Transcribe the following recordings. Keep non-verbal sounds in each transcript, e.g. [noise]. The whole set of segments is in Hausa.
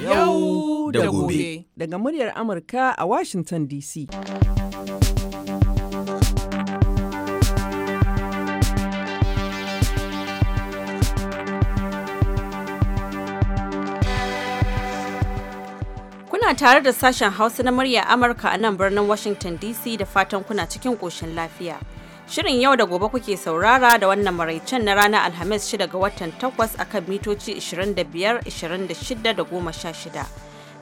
Yau da gobe. Daga muryar Amurka a Washington DC. Kuna tare da sashen Hausa na muryar Amurka a nan birnin Washington DC da fatan kuna cikin koshin lafiya. Shirin yau da gobe kuke saurara da wannan maraicen na ranar Alhamis 6 ga watan takwas a kan mitoci 25, 26 da 16.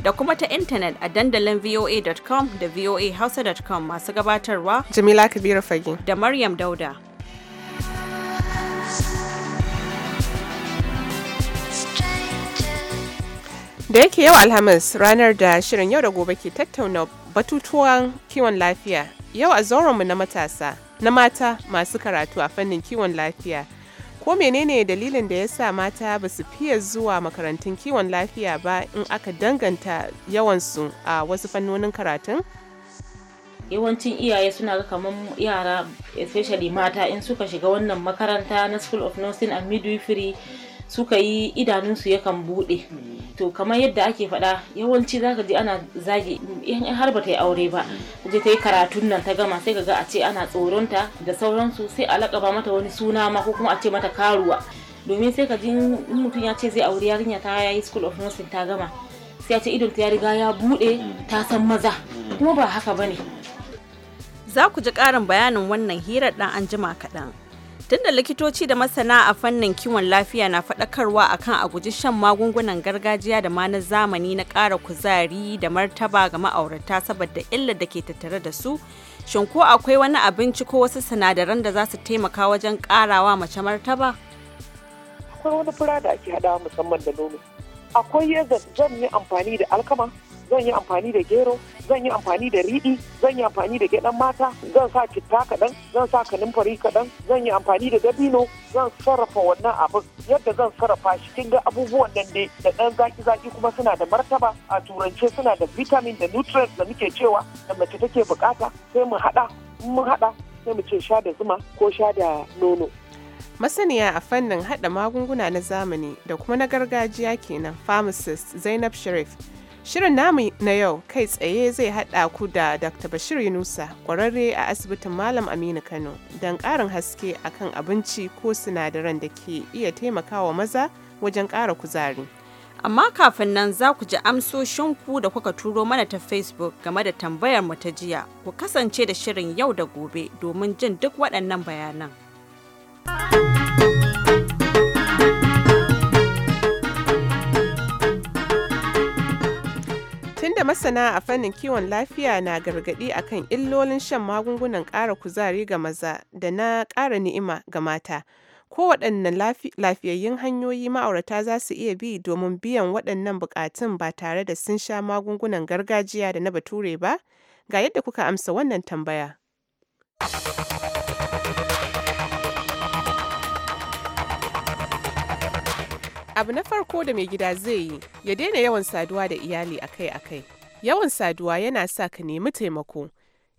Da kuma ta intanet a dandalin voa.com da voahausa.com masu gabatarwa. Jamila Kabiru Fage. Da Maryam Dauda. Da yake yau Alhamis ranar da shirin yau da gobe ke tattauna batutuwan kiwon lafiya. Yau a zauranmu na matasa. na mata masu karatu a fannin kiwon lafiya. Ko menene dalilin da ya sa mata ba su fiye zuwa makarantun kiwon lafiya ba in aka danganta yawansu a wasu fannonin karatun? yawancin iyaye suna ga kamar yara especially mata in suka shiga wannan makaranta na school of nursing and midwifery suka yi idanunsu yakan bude to kamar yadda ake faɗa yawanci zaka ji ana zagi in har ba ta yi aure ba je ta yi karatun nan ta gama sai kaga a ce ana tsoronta da sauransu sai a lakaba mata wani suna ma ko kuma a ce mata karuwa domin sai ka ji mutum ya ce zai aure yarinya ta yayi school of nursing ta gama sai a ce idon ta ya riga ya buɗe ta san maza kuma ba haka ne. za ku ji ƙarin bayanin wannan hirar ɗan anjima kaɗan. Tunda likitoci da masana a fannin kiwon lafiya na faɗakarwa akan a guji shan magungunan gargajiya da ma na zamani na ƙara kuzari da martaba ga ma'aurata saboda illar da ke tattare da su. Shin ko akwai wani abinci ko wasu sinadaran da za su taimaka wajen ƙarawa mace martaba? Akwai wani fura da ake haɗawa musamman da nono. Akwai yadda zan yi amfani da alkama, zan yi amfani da gero, zan yi amfani da riɗi zan yi amfani da gyaɗan mata zan sa citta kaɗan zan sa kanumfari kaɗan zan yi amfani da dabino zan sarrafa wannan abin yadda zan sarrafa shi kin ga abubuwan nan dai da ɗan zaki zaki kuma suna da martaba a turance suna da vitamin da nutrients da muke cewa da mace take bukata sai mu haɗa mun haɗa sai mu ce sha da zuma ko sha da nono masaniya a fannin hada magunguna na zamani da kuma na gargajiya kenan pharmacist zainab sharif Shirin namu na yau kai tsaye zai haɗa ku da Dr. Bashir Yunusa ƙwararre a asibitin Malam Aminu Kano don ƙarin haske akan abinci ko sinadaran da ke iya taimakawa maza wajen ƙara kuzari. Amma kafin nan za ku ji amsoshinku da kuka turo mana ta Facebook game da tambayar mu ta jiya. Ku kasance da shirin yau da gobe domin jin duk waɗannan bayanan. masana a fannin kiwon lafiya na gargaɗi kan illolin shan magungunan ƙara kuzari ga maza da na ƙara ni'ima ga mata. ko Kowaɗanne lafiyayyun hanyoyi ma'aurata za su iya bi domin biyan waɗannan buƙatun ba tare da sun sha magungunan gargajiya da na bature ba? Ga yadda kuka amsa wannan tambaya. abu na farko da mai gida zai yi ya daina yawan saduwa da iyali akai-akai Yawan saduwa yana sa ka nemi taimako.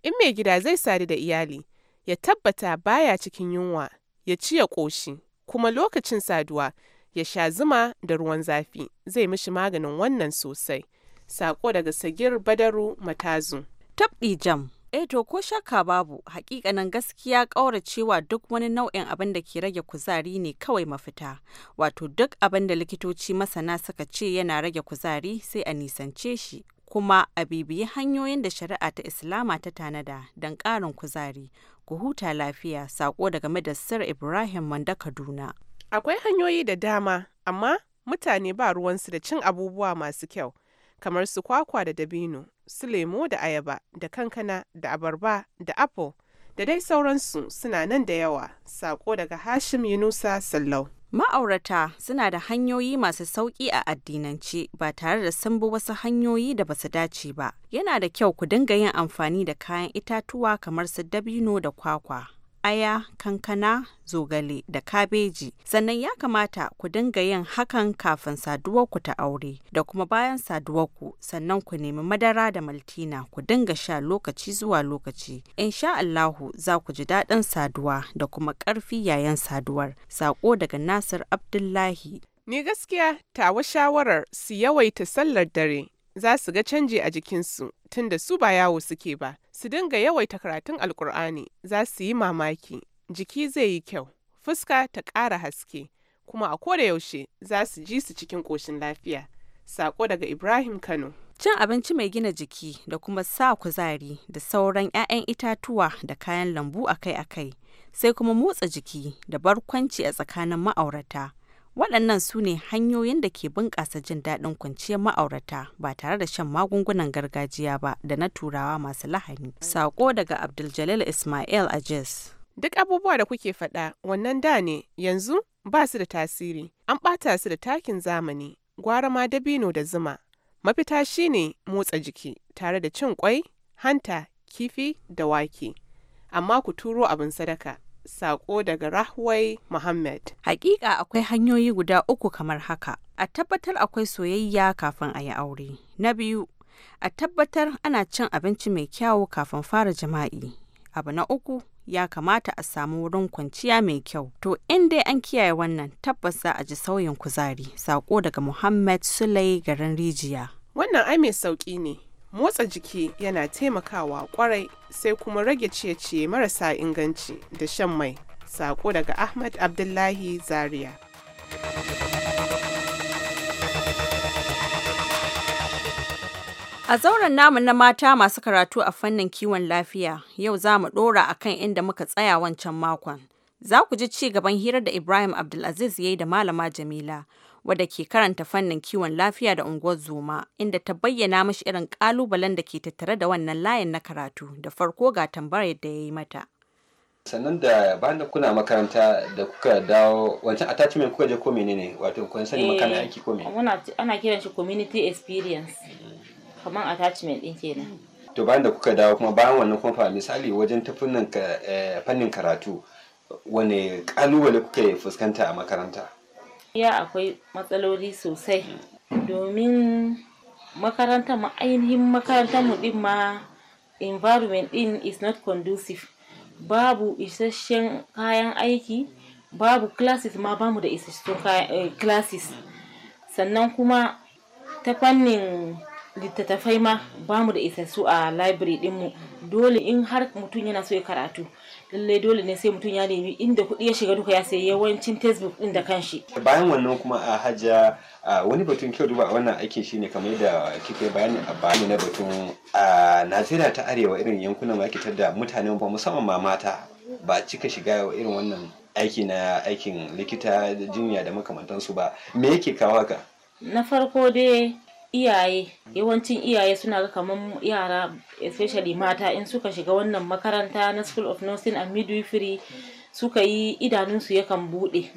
In mai gida zai sadu da iyali, ya tabbata baya cikin yunwa, ya ci ya ƙoshi, kuma lokacin saduwa ya sha zuma da ruwan zafi zai mishi maganin wannan sosai. Sako daga Sagir Badaru Matazu. Tabɗi jam. eto eh to ko shakka babu hakikanin gaskiya ƙauracewa duk wani nau'in abin da ke rage kuzari ne kawai mafita. Wato duk abin da likitoci masana suka ce yana rage kuzari sai a nisance shi kuma a bibiyi hanyoyin da shari'a ta Islama ta tanada don ƙarin kuzari, ku huta lafiya saƙo daga Madassar Ibrahim Manda Kaduna. Akwai hanyoyi da dama, amma mutane ba ruwansu da cin abubuwa masu kyau, kamar su kwakwa da dabino, su lemo da ayaba, da kankana, da abarba, da apple, da dai sauransu suna nan da yawa, saƙo daga Hashim Yunusa Sallau. Ma'aurata suna da hanyoyi masu sauƙi a addinance ba tare da sun bi wasu hanyoyi da basu dace ba. Yana da kyau ku dinga yin amfani da kayan itatuwa kamar su dabino da kwakwa. aya, kankana, zogale da kabeji. Sannan ya kamata ku dinga yin hakan kafin ku ta aure da kuma bayan ku sannan ku nemi madara da maltina ku dinga sha lokaci zuwa lokaci. sha Allahu za ku ji daɗin saduwa da kuma ƙarfi yayin saduwar. Sako daga Nasir Abdullahi. Ni gaskiya tawa shawarar su yawaita sallar dare za su ga canji a jikinsu tunda su ba yawo suke ba su dinga yawaita karatun alkur'ani za su yi mamaki jiki zai yi kyau fuska ta ƙara haske kuma a koda yaushe za su ji su cikin ƙoshin lafiya sako daga ibrahim kano cin abinci mai gina jiki da kuma sa kuzari da sauran 'ya'yan itatuwa da kayan lambu akai-akai sai kuma motsa jiki da barkwanci a tsakanin ma'aurata Waɗannan su ne hanyoyin da ke bunƙasa jin daɗin kwanciyar ma'aurata ba tare da shan magungunan gargajiya ba da na turawa masu lahani. Saƙo daga Abdul Ismail Ajis. Duk abubuwa da kuke faɗa wannan da ne yanzu ba su da tasiri, an ɓata su da takin zamani, gwara ma dabino da zuma. Mafita shine motsa jiki tare da cin kwai, hanta, kifi da wake. Amma ku turo abin sadaka. Sako daga Rahway Muhammad. Hakika akwai hanyoyi guda uku kamar haka. A tabbatar akwai soyayya kafin a yi aure. Na biyu, a tabbatar ana cin abinci mai kyau kafin fara jima'i. Abu na uku, ya kamata a samu wurin kwanciya mai kyau. To in dai an kiyaye wannan tabbas za a ji sauyin kuzari. Sako daga Muhammad Sulai garin Rijiya. Wannan ai mai sauki ne. motsa jiki yana taimakawa kwarai sai kuma rage ciye-ciye marasa inganci da shan mai sako daga ahmad abdullahi zaria A zauren namu na mata masu karatu a fannin kiwon lafiya, yau za mu ɗora a kan inda muka tsaya wancan makon. Za ku ji ci gaban hirar da Ibrahim Abdulaziz ya yi da Malama Jamila, wadda ke karanta fannin kiwon lafiya da unguwar zoma inda ta bayyana mashi irin kalubalen da ke tattare da wannan layin na karatu da farko ga tambayar da ya yi mata sannan da bayan da kuna makaranta da kuka dawo wancan attachment kuka je ko menene wato kun sani makana aiki ko menene eh, ana kiran shi community experience kamar attachment din kenan to bayan da kuka dawo kuma bayan wannan kuma fa misali wajen tafinnan eh, fannin karatu wane kalubale kuka fuskanta a makaranta ya akwai matsaloli sosai domin makarantar ma ainihin makarantar mu ɗin ma environment ɗin is not conducive babu isasshen kayan aiki babu classes ma bamu da isasshen eh, classes sannan kuma ta fannin littattafai ma ba mu da isassu a library dinmu dole in har mutum yana so ya karatu lallai dole ne sai mutum ya nemi inda kuɗi ya shiga duka ya sayi yawancin textbook din da kanshi bayan wannan kuma a hajja wani batun kyau duba a wannan aikin shine kamar yadda kika bayani a bayani na batun a najeriya ta arewa irin yankunan ma kitar da mutane ba musamman ma mata ba cika shiga irin wannan aiki na aikin likita jinya da makamantansu ba me yake kawo haka na farko dai iyaye yawancin iyaye suna ga kamar yara especially mata in suka shiga wannan makaranta na school of nursing and midwifery suka yi idanunsu yakan buɗe.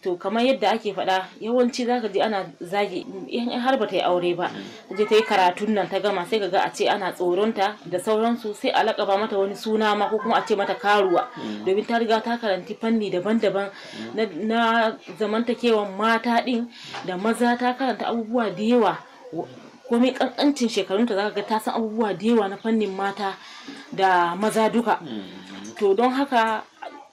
to kamar yadda ake faɗa yawanci zaka ji ana zagi in har ba ta yi aure ba je ta yi karatun nan ta gama sai kaga a ce ana tsoronta da sauransu sai a lakaba mata wani suna ma ko kuma a ce mata karuwa domin ta riga ta karanti fanni daban-daban na zamantakewan mata ɗin, da maza ta karanta abubuwa da yawa komai kankancin shekarunta zaka ga ta san abubuwa da yawa na fannin mata da maza duka to don haka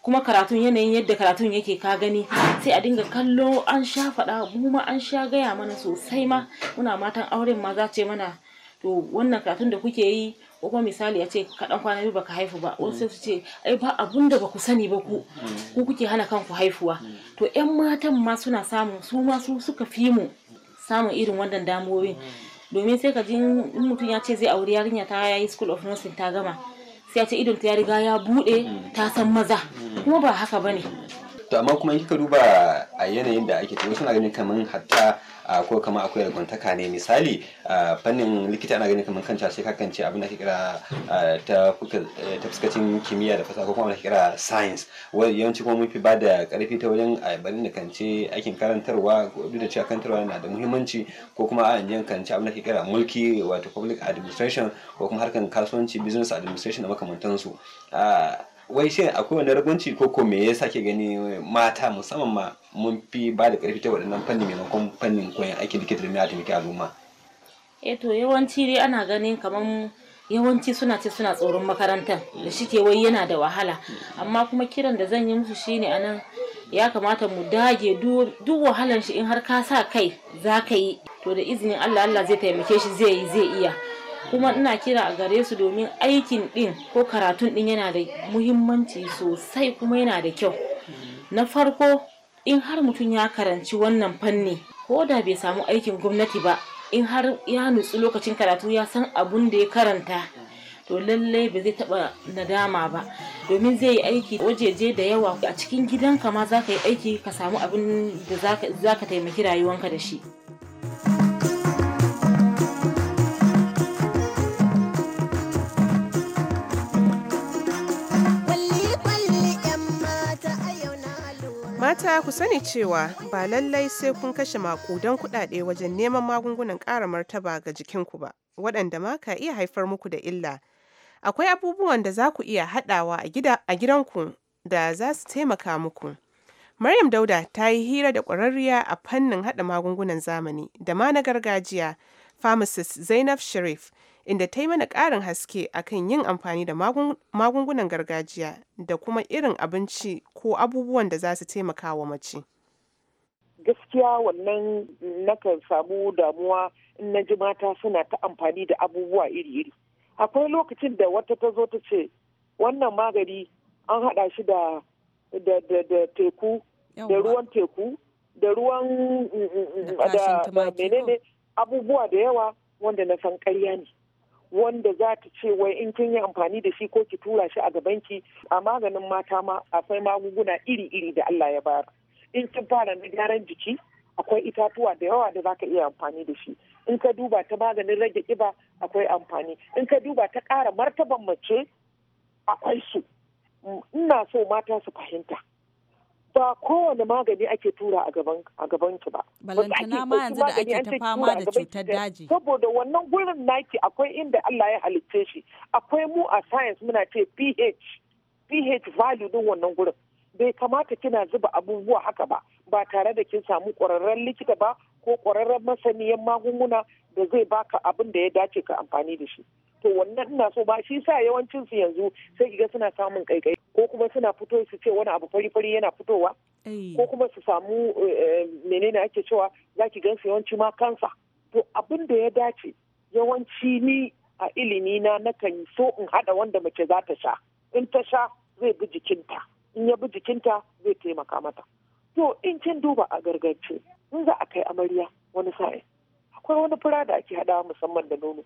kuma karatun yanayin yadda karatun yake ka gani sai a dinga kallo an sha faɗa mu an sha gaya mana sosai ma muna matan auren ma za ce mana to wannan karatun da kuke yi ko kuma misali a ce kaɗan kwana biyu baka haifu ba wasu su ce ai ba abun da baku sani ba ku ku kuke hana kanku haifuwa to yan matan ma suna samu su ma su suka fi mu samun irin wannan damuwoyin mm. domin sai ka ji in mutum ya ce zai auri yarinya ta yayi school of nursing ta gama sai ya ce idon ta ya riga ya bude ta san maza mm. kuma ba haka bane to amma kuma in kika duba a yanayin da ake wasu na ganin kamar hatta ko kamar akwai ragwantaka ne misali fannin likita ana ganin kamar kanta sai kakan ce abin da ake kira eh, ta fuskacin kimiyya da fasaha ko kuma ake kira science yawanci kuma mun fi ba da karfi ta wajen barin da kance aikin karantarwa duk da cewa karantarwa na da muhimmanci ko kuma a yanzu kance abin da ake kira mulki wato public administration ko kuma harkan kasuwanci business administration da makamantansu wai shi akwai wani ragunci ko ko me ya sake gani mata musamman ma mun fi ba da karfi ta waɗannan fannin maimakon fannin koyon aiki likita da mai taimaki al'umma eh to yawanci dai ana ganin kamar yawanci suna ce suna tsoron makarantar da shi wai yana da wahala amma kuma kiran da zan yi musu shi ne anan ya kamata mu dage duk wahalar shi in har ka sa kai za ka yi to da izinin Allah Allah zai taimake shi zai yi zai iya kuma ina kira a gare su domin aikin din ko karatun din yana da muhimmanci sosai kuma yana da kyau na farko in har mutum ya karanci wannan fanni ko da bai samu aikin gwamnati ba in har ya nutsu lokacin karatu ya san abun da ya karanta to lallai ba zai taba nadama ba domin zai yi aiki wajeje da yawa a cikin gidanka ma za ka yi aiki ka samu abin da za ka taimaki rayuwanka da shi fata ku sani cewa ba lallai sai kun kashe makudan kuɗaɗe wajen neman magungunan ƙara martaba ga jikinku ba, waɗanda ma ka iya haifar muku da illa. Akwai abubuwan da za ku iya haɗawa a gidanku da za su taimaka muku. Maryam Dauda ta yi hira da ƙwararriya a fannin haɗa magungunan zamani da ma na gargajiya, pharmacist Zainab Sharif, inda ta yi mana ƙarin haske akan yin amfani da magungunan gargajiya da kuma irin abinci ko abubuwan da za su taimaka wa mace. Gaskiya wannan nakan samu damuwa in na ji mata suna ta amfani da abubuwa iri-iri. Akwai lokacin da wata ta zo ta ce, wannan magani an haɗa shi da teku, da ruwan teku, da ruwan da menene abubuwa da yawa wanda na san ƙarya ne. wanda za ta ce wai in kin yi amfani da shi ko ki tura shi a gabanki a maganin mata ma akwai magunguna iri-iri da Allah ya bayar in kin fara na gyaran jiki akwai itatuwa da yawa da zaka iya amfani da shi in ka duba ta maganin rage kiba akwai amfani in ka duba ta ƙara martaban mace akwai su ina so mata su fahimta ba kowane magani ake tura a gaban ki ba balantana ma yanzu da ake ta fama da cutar daji saboda wannan gurin naki akwai inda Allah ya halicce shi akwai mu a science muna ce pH pH value din wannan gurin bai kamata kina zuba abubuwa haka ba ba tare da kin samu ƙwararren likita ba ko ƙwararren masaniyan magunguna da zai baka abin da ya dace ka amfani da shi to wannan ina so ba shi sa yawancin su yanzu sai kiga suna samun kaikai ko kuma suna fito su ce wani abu fari fari yana fitowa eh. ko kuma su samu eh, menene ake cewa za ki gan su yawanci ma kansa to abin da ya dace yawanci ni a ilimi na nakan so in hada wanda mace za ta sha in ta sha zai bi jikinta in ya bi jikinta zai taimaka mata to in kin duba a gargace in za a kai amarya wani sa'in akwai wani fura da ake hadawa musamman da nono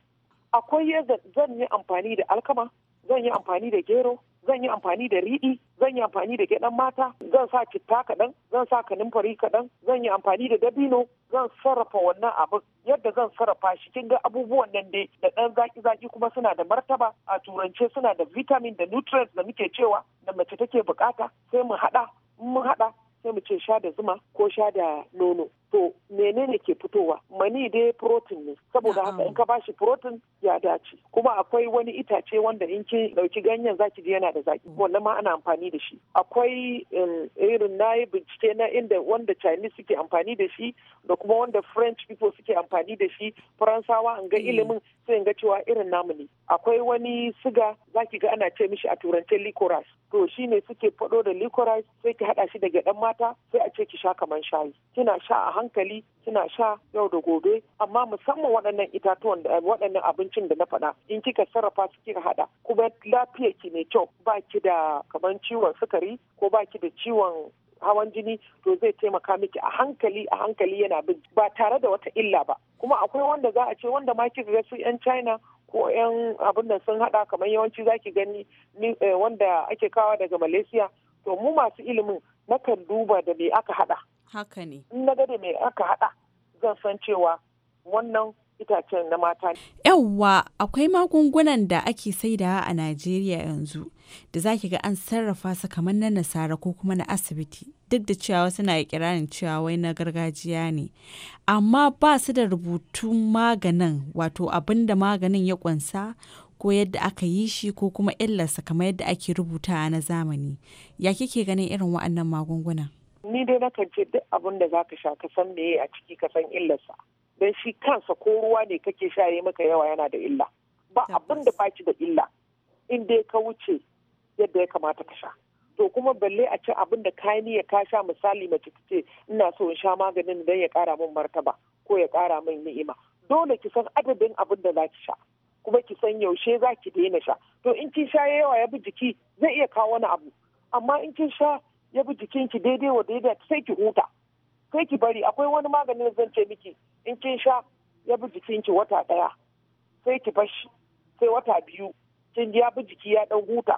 akwai yadda zan yi amfani da alkama zan yi amfani da gero zan yi amfani da riɗi zan yi amfani da gyaɗan mata zan sa citta kaɗan zan sa kanumfari kaɗan zan yi amfani da dabino zan sarrafa wannan abu yadda zan sarrafa shi kin ga abubuwan nan dai da ɗan zaki zaki kuma suna da martaba a turance suna da vitamin da nutrients da muke cewa da mace take bukata sai mu haɗa mun haɗa sai mu ce sha da zuma ko sha da nono to menene ke fitowa mani dai protein ne saboda haka in ka bashi protein ya dace kuma akwai wani itace wanda in ki dauki ganyen zaki ji yana da zaki wannan ma ana amfani da shi akwai eh, irin nayi bincike na inda wanda Chinese suke amfani da shi da kuma wanda French people suke amfani da shi Faransawa an ga mm. ilimin sai ga cewa irin namu ne akwai wani siga zaki ga ana ce mishi a turance licorice to shine suke fado da licorice sai ki hada shi da gyaɗan mata sai a ce ki sha kaman shayi kina sha a hankali suna sha yau da gobe amma musamman waɗannan itatuwan da waɗannan abincin da na faɗa in kika sarrafa su kika haɗa kuma lafiyar ki mai kyau ba ki da kamar ciwon sukari ko ba ki da ciwon hawan jini to zai taimaka miki a hankali a hankali yana bin ba tare da wata illa ba kuma akwai wanda za a ce wanda ma kika ga su 'yan china ko 'yan abin da sun haɗa kamar yawanci za ki gani eh, wanda ake kawo daga malaysia to mu masu ilimin nakan duba da me aka haɗa Haka ne. Na gade mai aka haɗa zan san cewa wannan itacen na mata ne. Yawwa akwai magungunan da ake saidawa a Najeriya yanzu da zaki ga an sarrafa su kamar na nasara ko kuma na asibiti duk da cewa suna ikirarin cewa wai na gargajiya ne amma ba su da rubutun maganin wato abin da maganin ya kunsa ko yadda aka yi shi ko kuma illarsa kamar yadda ake rubuta na zamani ya kike ganin irin waɗannan magungunan Ni dai na kan ce duk abin da zaka sha ka san meye a ciki ka san illarsa. don shi kansa ko ruwa ne kake sha ya maka yawa yana da illa. Ba abin da baki da illa. In dai ka wuce yadda ya kamata ka sha. To kuma balle a ce abin da ka ya ka sha misali mace ta ce ina so in sha maganin dan ya kara min martaba ko ya kara min ni'ima. Dole ki san adadin abin da za ki sha. kuma ki san yaushe za ki daina sha to in kin sha yawa ya bi jiki zai iya kawo wani abu amma in kin sha ya bi ki daidai wa daidai sai ki huta sai ki bari akwai wani maganin zan ce miki in kin sha ya bi ki wata daya sai ki bashi sai wata biyu kin ya bi jiki ya dan huta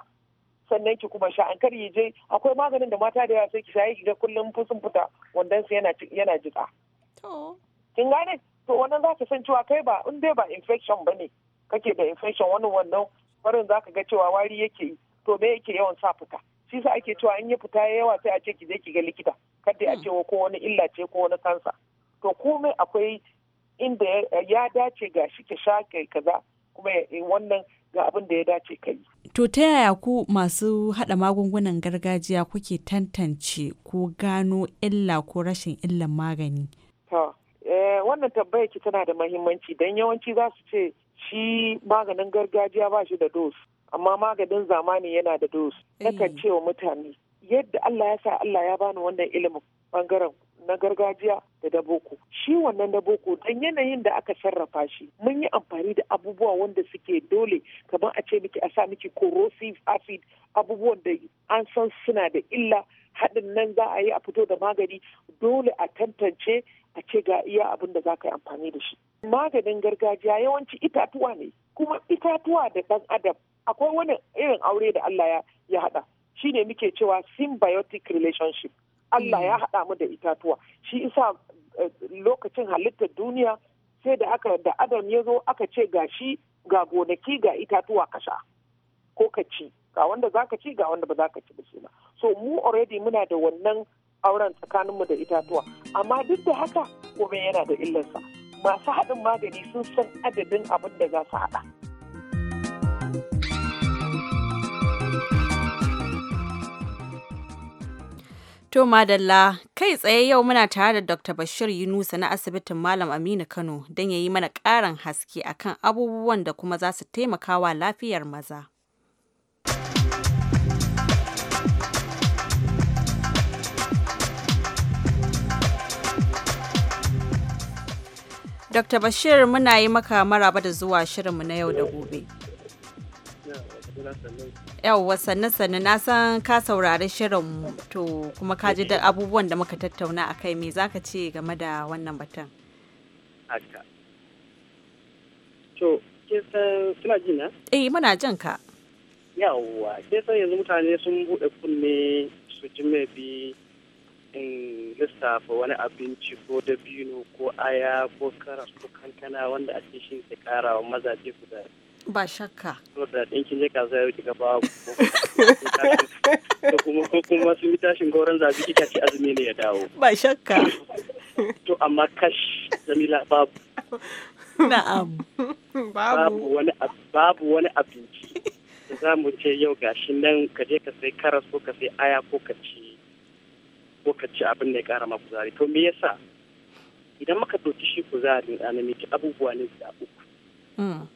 sannan ki kuma sha an kar je akwai maganin da mata da yawa sai ki sha ki ga kullum fusun fita wandan su yana yana jika kin gane to wannan zaka san cewa kai ba in dai ba infection bane kake da infection wani wannan farin zaka ga cewa wari yake to me yake yawan sa fita shi sa ake cewa in ya fita yawa sai a ce ki je ki ga likita kada a hmm. ce ko wani illa ce ko wani kansa to komai akwai inda ya dace ga shi ki sha kaza kuma wannan ga abin da ya dace kai to ta yaya ku masu hada magungunan gargajiya kuke tantance ko gano illa ko rashin illan magani to eh, wannan tambayar ki tana da muhimmanci dan yawanci za su ce shi maganin gargajiya ba shi da dos amma maganin zamani yana da dos eh. nakan ce wa mutane yadda Allah ya sa Allah ya bani wannan ilimin bangaren na gargajiya da daboko shi wannan da dan yanayin da aka sarrafa shi mun yi amfani da abubuwa wanda suke dole kamar a ce miki a sa miki corrosive acid abubuwan da an san suna da illa haɗin nan za a yi a fito da magani dole a tantance a ce ga iya abin da za ka yi amfani da shi maganin gargajiya yawanci itatuwa ne kuma itatuwa da ɗan adam akwai wani irin aure da Allah ya haɗa shi ne muke cewa symbiotic relationship Allah ya hmm. haɗa mu da itatuwa shi isa eh, lokacin halittar duniya sai da aka da adam ya zo aka ce ga shi ga gonaki ga itatuwa ka sha ko ka ci ga wanda za ka ci ga wanda ba za ka ci ba shi so mu already muna da wannan auren tsakaninmu da itatuwa amma duk da haka kome yana da illarsa masu haɗin magani sun san adadin abin da za su haɗa To Madalla, kai tsaye yau muna tare da Dr. Bashir Yunusa na asibitin Malam Aminu Kano don ya yi mana ƙarin haske akan abubuwan da kuma za su taimaka wa lafiyar maza. Dr. Bashir muna yi maka maraba da zuwa shirinmu na yau da gobe. yawwa sannan sannan na san ka saurari shirin to kuma ka ji da abubuwan da muka tattauna a kai me zaka ce game da wannan batun haka to kin san kina ji na eh muna jin ka yawwa kin san yanzu mutane sun bude kunne su ji mai bi in lissafa wani abinci ko dabino ko aya ko karas ko kankana wanda ake shi ta karawa mazaje guda ba shakka saboda ɗin kin je kasuwa yau kika ba ko kuma sun yi tashin gauran zabi kika ci azumi ne ya dawo ba shakka to amma kash jamila babu na'am babu wani babu wani abinci za mu ce yau gashi nan ka je ka sai karas ko ka sai aya ko ka ci ko ka ci abin da ya kara ma kuzari to me yasa idan muka doki shi kuzari a namiji abubuwa ne da uku mm.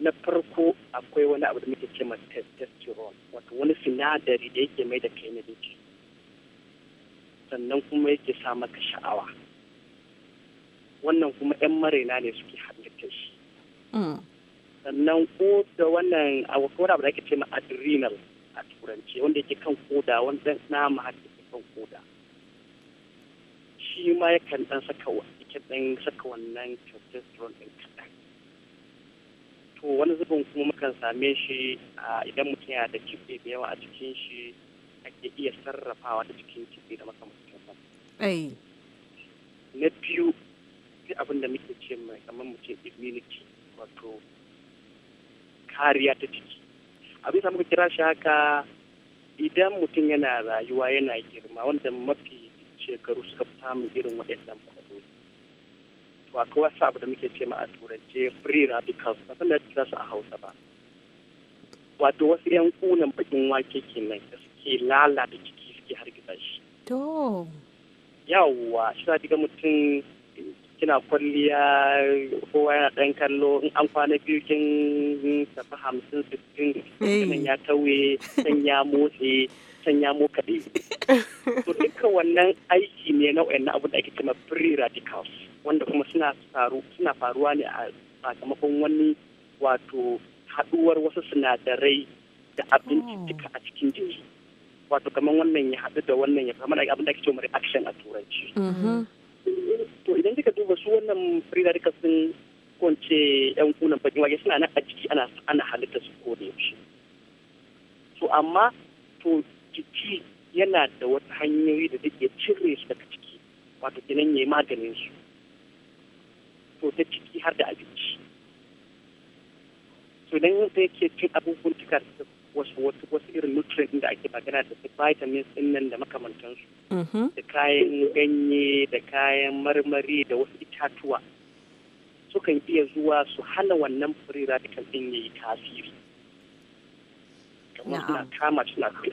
na farko akwai wani abu da muke ce ma testosterone wato wani sinadari da yake mai da kai na jiki sannan kuma yake sa maka sha'awa wannan kuma 'yan maraina ne suke halitta shi mm. sannan ko da wannan abu da ake ce ma adrenal a turanci wanda yake kan koda wanda nama haka yake kan koda shi ma yakan dan saka wannan testosterone ɗinka to wani zubin kuma mukan same shi idan mutum yana da kitse da yawa a cikin shi ake iya sarrafawa da cikin kitse da makamancin sa. Na biyu sai abin da muke ce mai kamar mutum immunity wato kariya ta ciki. Abin da muka kira shi haka idan mutum yana rayuwa yana girma wanda mafi shekaru suka fi samun irin waɗannan wa kowa abu da muke ce ma a turance free radicals ba sanda da kira su a hausa ba wato wasu yan kunan bakin wake kenan da suke lalata ciki suke hargitsa shi to yawwa shi za ga mutum kina kwalliya kowa yana dan kallo in an kwana biyu kin tafi hamsin sittin nan ya tauye can ya motse can ya mokaɗe [laughs] to dukkan wannan aiki ne na wayannan abu da ake cema free radicals wanda kuma suna faru suna faruwa ne a sakamakon wani wato haɗuwar wasu sinadarai da abinci duka a cikin jiki wato kamar wannan ya haɗu da wannan ya kamar abin da ake cewa reaction a turanci mm-hmm. to idan kika duba su wannan free radicals sun kwance yan kunan bakin wake suna nan a jiki ana ana halitta su ko da yaushe to amma to jiki yana da wata hanyoyi da take cire su daga ciki wato kenan yayi maganin su to ta ciki har da abinci to dan yin sai ke cin abubuwan da wasu wasu wasu irin nutrient da ake magana da vitamins din nan da su mm-hmm. da kayan ganye da kayan marmari da wasu itatuwa sukan iya zuwa su hana wannan free radical din yayi tasiri kamar suna kama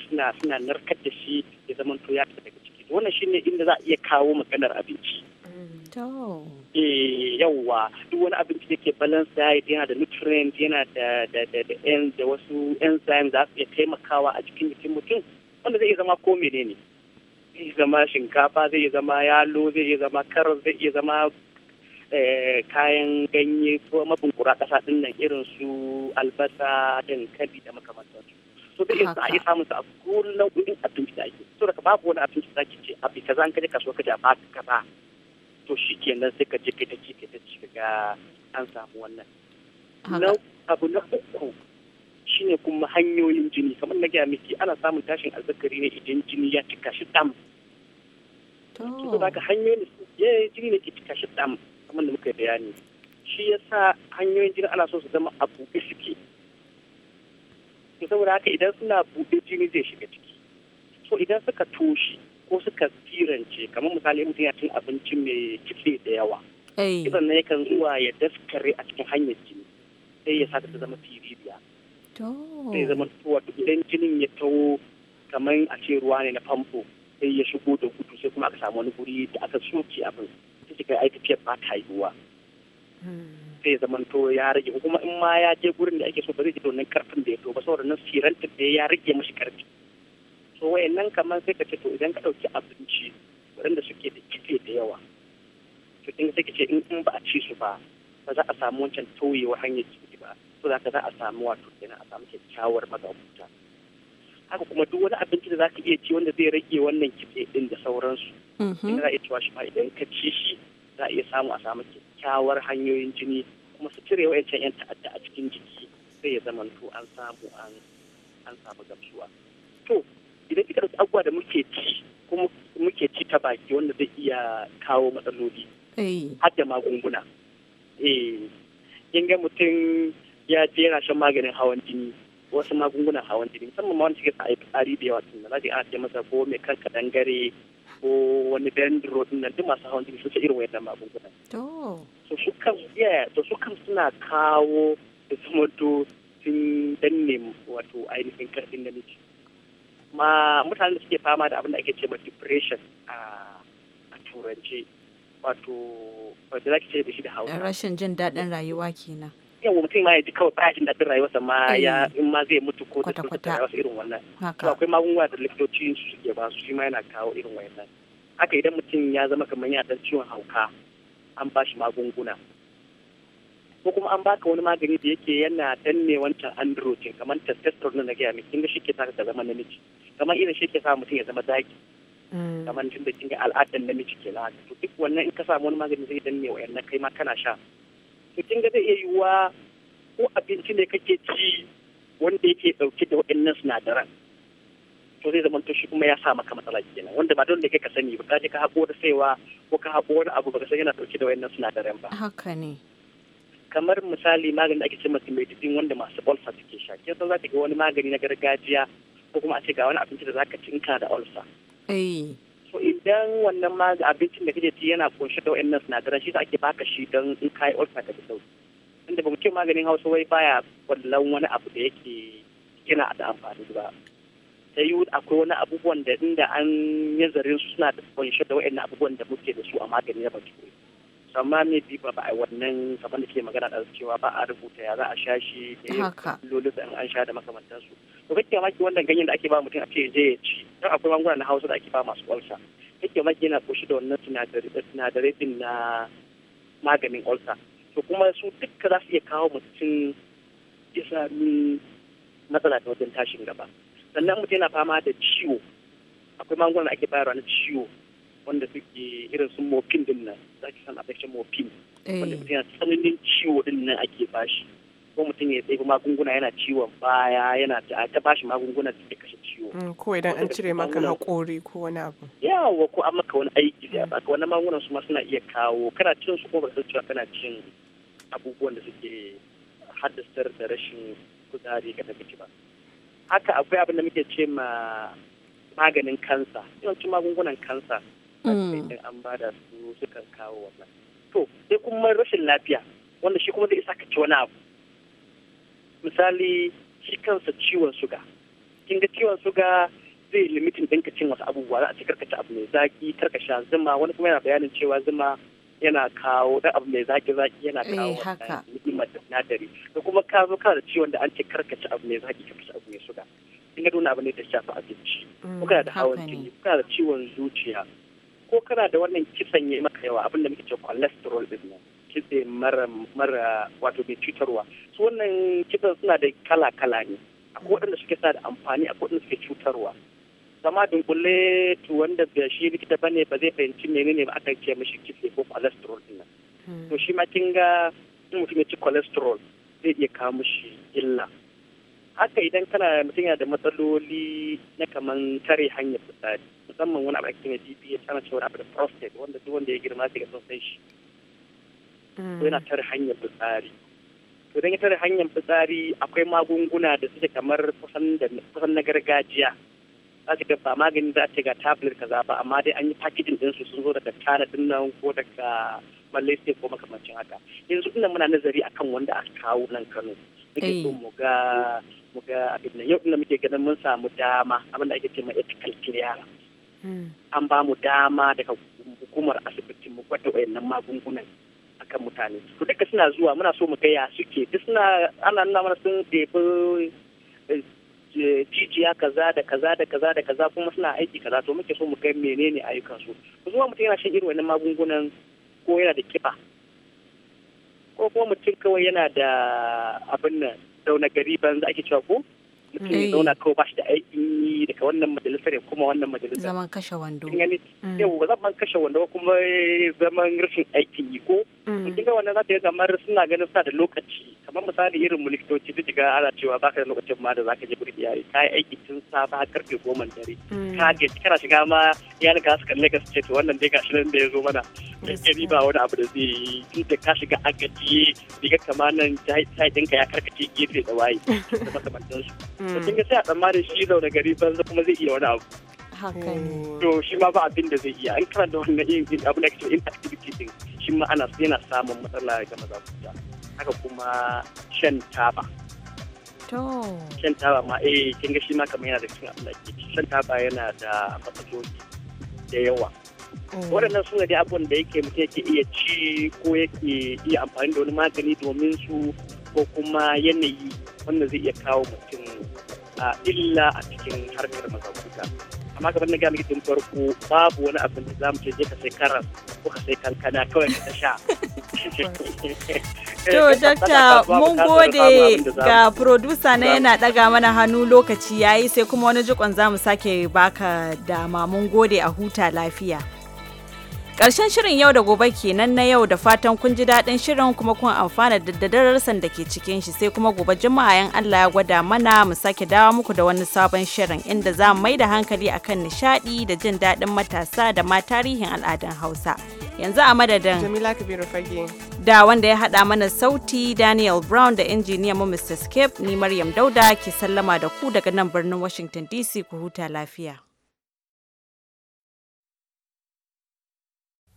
suna suna narkar da shi ya zama to ya daga ciki wannan shine inda za a iya kawo maganar abinci eh yawwa duk wani abinci da ke balance diet yana da nutrient yana da da da da da wasu enzymes da su taimakawa a cikin jikin mutum wanda zai zama ko menene zai zama shinkafa zai zama yalo zai zama karas zai zama eh, kayan ganye ko mabunkura ƙasa din nan irin su albasa dankali da makamantansu so da a yi samun su a kullum nau'in abinci da ake so daga babu wani abinci da ake ce abu kaza an kaje kasuwa kaje a ka kaza to shi kenan sai ka jikita jikita shiga an samu wannan na abu na uku shine kuma hanyoyin jini kamar na gaya miki ana samun tashin azzakari ne idan jini ya cika shi dam da ka hanyoyin ya yi jini ne ke cika shi dam kamar da muka bayani shi ya sa hanyoyin jini ana so su zama a buɗe suke saboda haka idan suna buɗe jini zai shiga ciki so idan suka toshe ko suka firance kamar misali mutum ya cin abinci mai kitse da yawa kitsen na yakan zuwa ya daskare a cikin hanyar jini sai ya sa ta zama siririya sai zama tuwa idan jinin ya taho kamar a ce ruwa ne na famfo sai ya shigo da gudu sai kuma aka samu wani guri da aka soke abin sai ya ai tafiyar ba ta yiwuwa hmm. sai ya zama to ya rage kuma in ma ya je gurin da ake so ba zai ji domin karfin da ya to ba saboda nan firantin da ya rage mashi karfi so nan kamar sai ka ce to idan ka ɗauki abinci waɗanda suke da kife da yawa to in sai ka ce in ba a ci su ba ba za a samu wancan tauyewa hanyar ciki ba to za ka za a samu wato kenan a samu kyakkyawar magabuta haka kuma duk wani abinci da za ka iya ci wanda zai rage wannan kife din da sauransu mm-hmm. in za a iya cewa shi ma idan ka ci shi za a iya samu a samu kyakkyawar hanyoyin jini kuma su cire wa'ancan 'yan ta'adda a cikin jiki sai ya zamanto an samu an samu gamsuwa to idan kika da abubuwa da muke ci kuma muke ci ta baki wanda zai iya kawo matsaloli eh. har da magunguna eh ga mutum ya je yana shan maganin hawan jini wasu magungunan hawan jini musamman ma wanda suke sa a yi fitsari da yawa tun da za ana ce masa ko mai kanka dangare ko wani dendro din nan duk masu hawan jini sun ce irin wayannan magungunan to su kan su kan suna kawo da zumato sun danne wato ainihin karfin da nake ma mutanen da suke fama da abin da ake ce ma depression a turanci wato wanda za ki ce da shi da hausa rashin jin daɗin rayuwa kenan yawan mutum ma ya ji kawai baya jin daɗin rayuwa ma eh. ya in ma zai mutu ko da rayuwarsa irin wannan to akwai magunguna da likitoci su suke ba su shi ma yana kawo irin wannan haka idan mutum ya zama kamar ya dan ciwon hauka an ba shi magunguna ko kuma an baka wani magani da yake yana danne wancan androgen kamar testosterone na gaya mai kinga shi ke taka ka zama namiji kamar irin shi ke sa mutum ya zama zaki mm. kamar jin da kin al'adar namiji ke na to duk wannan in ka samu wani magani zai danne wa yannan kai ma kana sha to kin ga zai iya yiwuwa ko abinci ne kake ci wanda yake dauke da waɗannan sinadaran to zai zama shi kuma ya sa maka matsala kenan wanda ba dole kai ka sani ba kaje ka haƙo da saiwa ko ka haƙo wani abu baka san yana dauke da waɗannan sinadaran ba haka ne kamar misali maganin da ake ce masa medicine wanda masu bolsa suke sha kin san za ga wani magani na gargajiya ko kuma a ce ga wani abinci da zaka cinka da ulcer eh. so idan wannan ma abincin da kake ci yana kunshe da wayannan sinadaran shi ake baka shi don in kai ulcer da sauki inda ba mu ce maganin hausa wai baya kwallon wani abu da yake yana da amfani ba ta yi akwai wani abubuwan da inda an yi zarin suna da kunshe da wa'annan abubuwan da muke da su a maganin na bature amma me bi ba a wannan kamar da ke magana da cewa ba a rubuta ya za a sha shi da ya lolo da an sha da makamantansu to kake maki wannan ganyen da ake ba mutum a ce je ya ci don akwai magunguna na hausa da ake ba masu ulsa kake maki yana koshi da wannan sinadarai din na maganin ulsa to kuma su duka za su iya kawo mutum ya sami mm, matsala ta wajen tashin gaba sannan mutum yana fama da ciwo akwai magunguna da ake bayarwa na ciwo wanda suke irin su morphine din nan za ki san affection morphine eh. wanda mutum yana tsananin ciwo din nan ake bashi ko mutum ya tsaye magunguna yana ciwon baya yana ta bashi magunguna da kashe ciwo mm, ko idan an cire maka haƙori ko wani abu yawa ko an maka wani aiki da mm. baka wani magungunan su ma suna iya kawo kana cin su ko ba san cewa kana cin abubuwan da suke haddasa da rashin kuzari ga tafi ba haka akwai abin da muke ce ma maganin kansa yawancin magungunan kansa Mm. an bada su sukan kawo wannan to sai kuma rashin lafiya wanda shi kuma zai isa ka ci wani abu misali shi kansa ciwon suga kin ga ciwon suga zai limitin ɗinka cin wasu abubuwa za a ci karkace abu mai zaki karkasha zuma wani kuma yana bayanin cewa zuma yana kawo dan abu mai zaki zaki yana eh, kawo ni'imar da sinadari da kuma ka zo kana da ciwon da an ce karkace abu mai zaki karkace abu mai suga kin ga dole abu ne da shafa abinci mm, kuka da hawan jini kuka da ciwon zuciya ko kana da wannan kisan ya maka yawa abin da muke cewa cholesterol din nan kitse mara mara wato mai cutarwa su wannan kitsan suna da kala kala ne akwai waɗanda suke sa da amfani akwai waɗanda suke cutarwa zama dunkule to wanda ba shi likita bane ba zai fahimci menene ba aka ce mishi kitse ko cholesterol din nan hmm. to shi ma kin ga mutum ya ci cholesterol zai iya kawo mishi illa haka idan kana mutum yana da matsaloli na kaman tare hanyar fitsari musamman wani abu ake mai bps ana cewa abu da prostate wanda duk wanda ya girma ta ga sosai shi ko mm. yana tare hanyar fitsari to dan ya tare hanyar fitsari akwai magunguna da suke kamar kusan na gargajiya za ta ba maganin za ce ga tablet ka ba amma dai an yi packaging din su sun zo daga din nan ko daga malaysia ko makamancin haka yanzu ina muna nazari akan wanda aka kawo nan kano muke so mu ga mu abin nan yau ina muke ganin mun samu dama abin da ake ce ma ethical clearance an ba mu dama daga hukumar asibitin mu gwada wayannan magungunan akan mutane su duka suna zuwa muna so mu ga ya suke duk suna ana nuna mana sun ɗebi eh, jijiya kaza da kaza da kaza da kaza kuma suna aiki kaza to muke so mu ga menene ayyukan su kuma mutum yana shan irin wannan magungunan ko yana da kifa ko kuma mutum kawai yana da abin nan dauna gari banza ake cewa ko mutum eh. zauna ko ba shi da aikin yi daga wannan majalisar ya kuma wannan majalisar zaman kashe wando mm. yau zaman kashe wando kuma zaman rashin aikin yi ko mm. kin ga wannan za ta yi kamar suna ganin suna da lokaci kamar misali irin mu likitoci duk ga ana cewa ka da lokacin ma da ka je gurin iyali ka yi aiki tun safe a karfe goma dare mm. ka ga kana shiga ma iyalin ka su kalle ka su ce to wannan dai shi nan da ya zo mana gari ba wani abu da zai yi tun da ka shiga ya kama kamanan sai ɗinka ya karkace gefe da waye da makamantan su [laughs] mm. to kin ga sai a tsammanin shi zaune gari banza kuma zai iya wani abu mm. to shi ma ba abin da zai iya an kana da wannan yin abu da kake activity din shi ma ana yana samun matsala ga maza haka kuma shan taba To. Shan taba ma eh kin ga shi ma kamar yana da cikin da ke shan taba yana da matsaloli da yawa. Mm. waɗannan suna da dai abubuwan da yake mutum yake iya ci ko yake iya amfani da wani magani domin su ko kuma yanayi wanda zai iya kawo mutum a illa a cikin harkar mazakuta amma kamar na gami tun farko babu wani abin da za mu ce ka sai karas ko ka sai kankana kawai ka sha [laughs] To, eh, Dokta, mun gode ga producer na yana ɗaga mana hannu lokaci yayi sai kuma wani jikon za mu sake baka dama mun gode a huta lafiya. karshen shirin yau da gobe kenan na yau da fatan kun ji daɗin shirin kuma kun amfana da darasin da ke cikin shi sai kuma gobe juma'a yan Allah ya gwada mana mu sake dawo muku da wani sabon shirin inda za mu mai da hankali akan nishaɗi da jin daɗin matasa da ma tarihin al'adun Hausa. Yanzu a madadin Da wanda ya haɗa mana sauti Daniel Brown da injiniya mu Mr. Skip ni Maryam Dauda ke sallama da ku daga nan birnin Washington DC ku huta lafiya.